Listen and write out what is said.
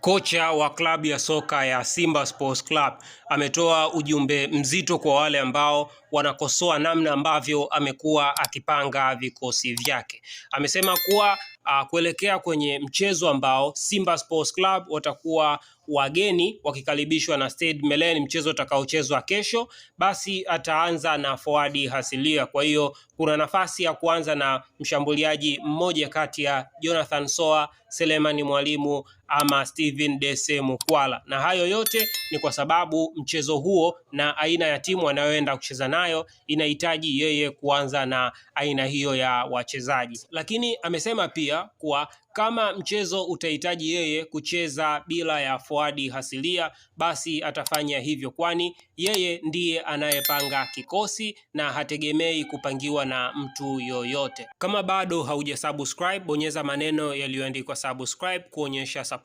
Kocha wa klabu ya soka ya Simba Sports Club ametoa ujumbe mzito kwa wale ambao wanakosoa namna ambavyo amekuwa akipanga vikosi vyake. Amesema kuwa uh, kuelekea kwenye mchezo ambao Simba Sports Club watakuwa wageni wakikaribishwa na Stade Malien, mchezo utakaochezwa kesho, basi ataanza na fowadi hasilia. Kwa hiyo kuna nafasi ya kuanza na mshambuliaji mmoja kati ya Jonathan Soa, Selemani Mwalimu ama Steven Dese Mukwala, na hayo yote ni kwa sababu mchezo huo na aina ya timu anayoenda kucheza nayo inahitaji yeye kuanza na aina hiyo ya wachezaji, lakini amesema pia kuwa kama mchezo utahitaji yeye kucheza bila ya Fuadi Hasilia, basi atafanya hivyo, kwani yeye ndiye anayepanga kikosi na hategemei kupangiwa na mtu yoyote. Kama bado hauja subscribe, bonyeza maneno yaliyoandikwa subscribe kuonyesha support.